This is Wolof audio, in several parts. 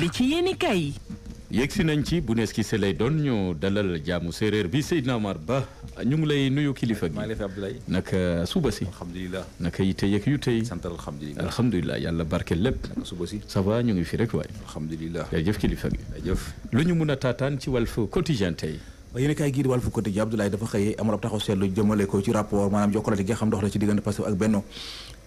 li ci yéeni kay yegsi nañ ci bu nees ki se lay doon ñu dalal jaamu séeréer bi Seydina Omar Ba ñu ngi lay nuyu kilifa gi naka suba si alhamdulilah naka yi tey ak yu tey sant alhamdulilah alhamdulilah yàlla barke lépp naka suba si ça va ñu ngi fi rek waay alhamdulilah jërëjëf kilifa gi jërëjëf lu ñu mun a taataan ci Walf Quotidien tey yéen a kaay gii di Walf Quotidien Abdoulaye dafa xëyee amul ab taxaw seetlu jëmale ko ci rapport maanaam jokkalante gi nga xam dox la ci diggante Pastef ak Benno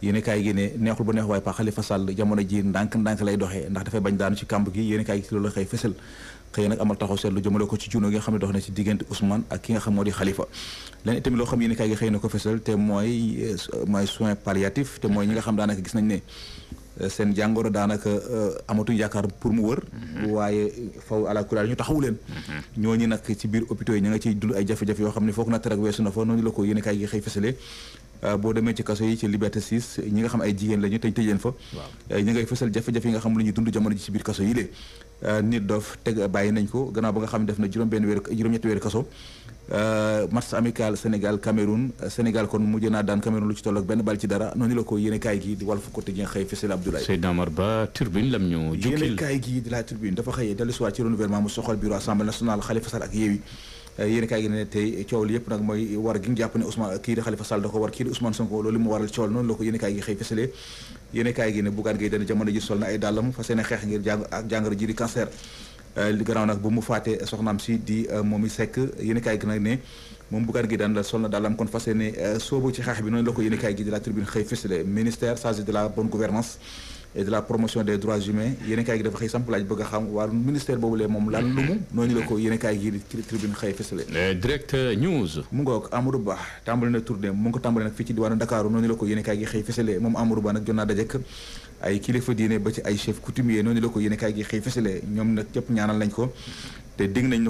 yéen kaay gi ne neexul bu neex waaye Paa Khalifa Sall jamono ji ndànk-ndànk lay doxee ndax dafay bañ daanu ci kàmb gi yéen kaay gi ci loolu xëy fësal xëy nag ko ci juno gi nga xam ne dox na ci diggante Ousmane ak ki nga xam moo mooy mooy soin palliatif te mooy ñi nga xam daanaka gis nañ ne euh, seen jàngoro daanaka euh, amatuñu yaakaar pour mu wër mm-hmm. waaye faw ala ñu taxawu leen mm-hmm. ñooñu nag ci biir hôpitaux yi ña nga ciy dund ay jafe-jafe yoo xam ne foog na tarak weesu na fa noonu la ko yéen kaay gi xëy fësalee Euh, boo demee ci kaso yi ci liberté 6 ñi nga xam ay jigéen lañu te ñu tëj leen fa euh, ñi ngay fësal jafe-jafe yi nga xam lu ñuy dund jamono ji ci biir kaso yi lée euh, nit doof teg na juróom benn weer juróom-ñetti weer kaso match amical Sénégal Cameroun Sénégal kon mujj naa daan Cameroun lu ci toll ak benn bal ci dara noonu la ko yéene kaay gi di Walf Quotidien xëy fësal Abdoulaye Seydina Omar Ba turbine lam ñu jukkil la turbine dafa xëyee dellusiwaat ci renouvellement mu soxal bureau assemblée nationale Khalifa Sall ak Yewwi yéen kaay gi ne tey coow li yëpp nag mooy war gi jàpp ne Ousmane kii di Khalifa Sall da ko war kii di Ousmane Sonko loolu mu waral coow noonu la ko yéen kaay gi xëy fësalee yéen kaay gi ne Bougane Gueye Dany jamono ji sol na ay dàllam fas euh, si di euh, Momy Seck yéen kaay gi nag ne moom Bougane Gueye Dany la sol na dàllam kon fas yéene euh, soobu ci xeex bi noonu la ko yéen gi di tribune xëy fësalee ministère chargé de la bonne gouvernance et de la promotion des droits humains yéen kaay gi dafa xëy samp bëgg a xam waa ministère boobu moom lan lu mu noonu la ko yéen gi tribune xëy fësale na tournée mu ngi ko tàmbali nag fii ci diwaanu Dakar noonu la ko yéen kaay gi xëy fësale moom Amadou Ba nag jot naa dajek ay kilifa diine ba ci ay chef coutumier noonu la ko yéen gi xëy fësale ñoom nag ñëpp ñaanal lañ ko te dégg nañ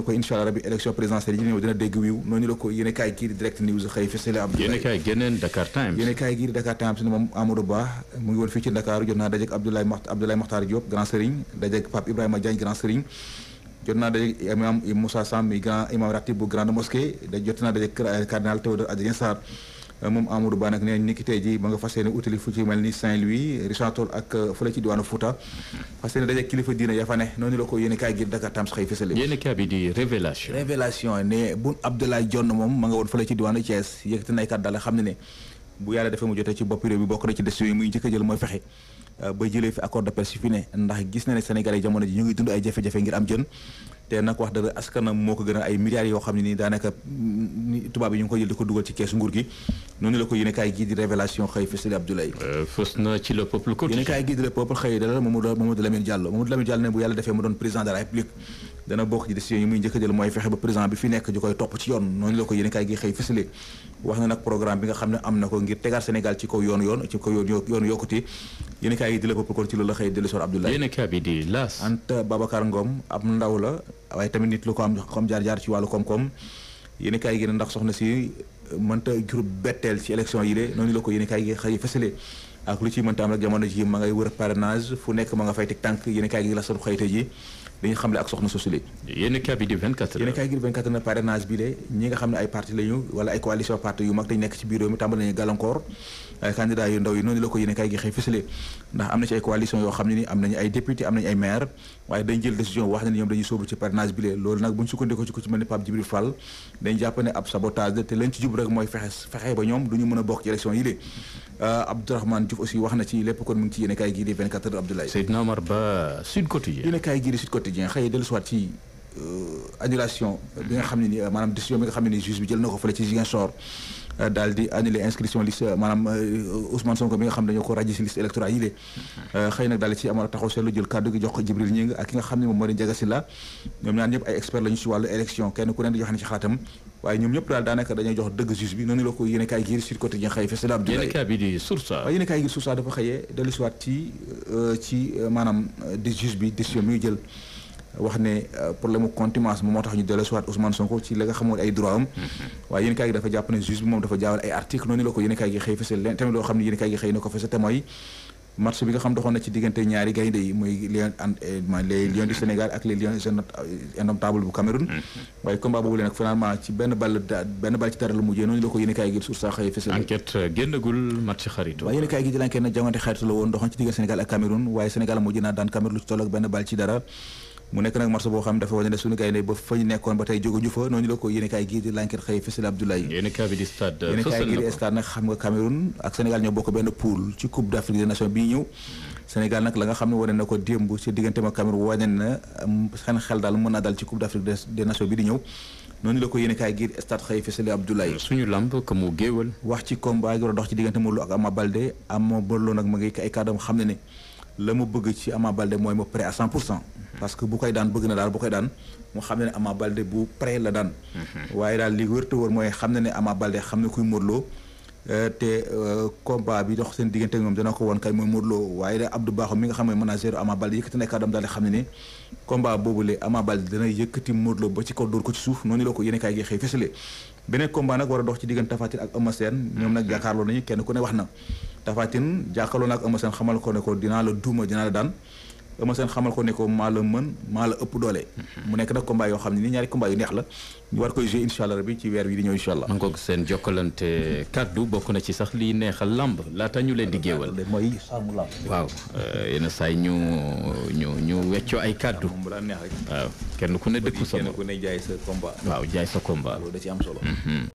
noonu la ko yéen a kaay gii di direct news xëy fësale Abdoulaye yéen a kaay geneen Dakar Times yéen a kaay gii moom Amadou Ba mu ngi woon fii ci jot naa dajeeg Abdoulaye Abdoulaye Makhtar Diop grand serigne dajeeg Pape Ibrahima Diagne grand serigne jot naa dajeeg imam Moussa Sam mi grand imam ratib bu grande mosquée jot naa dajeeg cardinal Théodore Adrien Sarr moom Amadou Ba nag nee nañ ni ki tey ji ba nga fas yéene utali fu ci mel ni Saint-Louis Richard Toll ak euh, fële ci diwaanu Fouta fas yéene daje kilifa diina ya fa noonu la ko yéen kaay gi Dakar Times xëy fësale yéen kaay bi di révélation révélation moom ma nga woon fële ci diwaanu Thiès yëkkati na ay kàddu xam ne ne bu yàlla defee mu jotee ci bopp réew bi bokk na ci des muy njëkk jël mooy fexe Euh, ba jëlee fi accord de pêche fi ndax gis na ne Sénégal yi jamono ji ñu ngi dund ay jafe-jafe ngir am jën te nag wax dëgg askanam moo ko gën a ay milliards yoo xam ne nii daanaka tubaab yi ñu ngi ko jël di ko dugal ci keesu nguur gi noonu la ko yéen a kaay gii di révélation xëy fësali Abdoulaye euh, fës na ci le peuple yéen a gii di le peuple xëy dalal Mamadou Mamadou Lamine Diallo Mamadou Lamine Diallo ne bu yàlla defee mu doon président de la République dana bokk ci décision yi muy njëkk a jël mooy fexe ba président bi fi nekk di koy topp ci yoon noonu la ko yéen gi xëy fësale na nag programme bi nga xam ne yoon yoon ci kaw yoon yoon yokkute yéen kaay yi di la peuple kon ci loolu la xëy la waaye tamit nit lu ko am xam jaar-jaar ci wàllu koom-koom yéen kaay gi ne ndax soxna si euh, mënta jur betteel ci élection yi noonu la ko yéen kaay gi xëy fësale ak lu ci mënta am rek jamono ji ma ngay wër parrainage fu nekk ma nga fay teg tànk yéen kaay gi la sor te ji dañu xam ne ak soxna sosule yéen kaay bi di 24 yéen kaay gi di 24 na parrainage bi de ñi nga xam ne ay parti la ñu wala ay coalition parti yu mag dañ nekk ci biir réew mi tàmbali nañu gàllankoor candidat yu ndaw yi noonu la ko yéene kaay gi xëy fësale ndax am na ci ay coalition yoo xam ne ni am nañu ay député am nañu ay maire waaye dañ jël décision wax ne ñoom dañuy sóobu ci parrainage bi lee loolu nag bu ñu ko ci mel ni Pape Djibril Fall dañ jàpp ab sabotage la te lañ ci jub rek mooy fexe fexe ba ñoom du ñu mën a bokk ci élection yi lée euh, Abdourahmane Diouf aussi wax na ci lépp kon mu ci yéene kaay gii di 24 heures Abdoulaye euh, nga xam ne maanaam décision xam ne ni juge Euh, dal di annulé inscription liste euh, maanaam euh, Ousmane Sonko bi nga xam ne dañoo ko ràjji si liste électorale yi lee xëy nag daal ci amoon a taxaw seetlu jël kàddu gi jox ko Jibril Ñing ak ki nga xam ne moom moo di Njaga Silla ñoom ñaar ñëpp ay expert lañu si wàllu élection kenn ku ne di joxe ne ci xalaatam waaye ñoom ñëpp daal daanaka dañuy jox dëgg juge bi noonu la ko yéene kaay giir dafa xëyee dellusiwaat ci maanaam di juge bi décision mi ngi jël wax ne euh, problème mu contumace moom moo tax ñu dellusiwaat Ousmane Sonko ci la nga xamoon ay droit am mhm. waaye yéen gi dafa jàpp ne juge bi na ko eh, mhm. euh, bu mhm. euh, match xarit waaye yéen gi di lankeet jongante xarit la woon doxoon ci diggante Sénégal ak Cameroun waaye Sénégal mujj naa daan Cameroun lu toll ak benn ball ci dara mu nekk nag marché boo xam dafa wane ne suñu gaynde ba fa ñu nekkoon ba tey jóguñu fa noonu la ko yéen kaay di l'enquête xëy fësal Abdoulaye yéen xam nga Cameroun ak na ko démb ci diggante ma Cameroun wane na seen xel daal mën naa dal ci coupe d'Afrique des nations bi di ñëw noonu la ko yéen kaay gii di stade xëy fësal suñu lamb ko mu géewal wax ci combat gi war a dox ci diggante Modou Lô ak Ama Baldé am Modou ma ngi ay xam ne ne la mu bëgg ci Ama Baldé mooy mu prêt à 100 pour cent parce que bu koy daan bëgg na daal bu koy daan mu xam ne ne Ama Baldé bu prêt la daan waaye daal li wër wër mooy xam ne ne Ama Baldé xam ne kuy Modou Lo euh, te euh, combat bi dox seen diggante moom dana ko woon kay mooy Modou Lo waaye da Abdou Bakhoum mi nga xam ne manager Ama Baldé yëkkati na kàddam ba ci kaw ko ci suuf noonu la ko yéen kaay gi xëy fësale beneen combat nag war a dox ci diggante Tapha ak Eumeu Sène ñoom nag mhm. jàkkaarloo nañu kenn ku ne wax na Tapha Tine jàkkaarloo na ak Eumeu Sène xamal ko ne ko dinaa la duuma dinaa la daan Eumeu seen xamal ko ne ko maa la mën maa la ëpp doole. Mhm. mu nekk nag combat yoo xam ne ni ñaari combat yu neex la ñu war koy jouer incha allah bi ci weer wi di ñëw incha allah. man ko seen jokkalante kàddu bokk na ci sax liy neexal lamb laata ñu leen di géewal. mooy sàmm lamb. waaw eh, yenn saa yi ñu ñu ñu weccoo ay kaddu. moom la neex rek. waaw kenn ku ne dëkku sa. kenn ku ne jaay sa waaw jaay sa combat. da ci am solo. Mhm.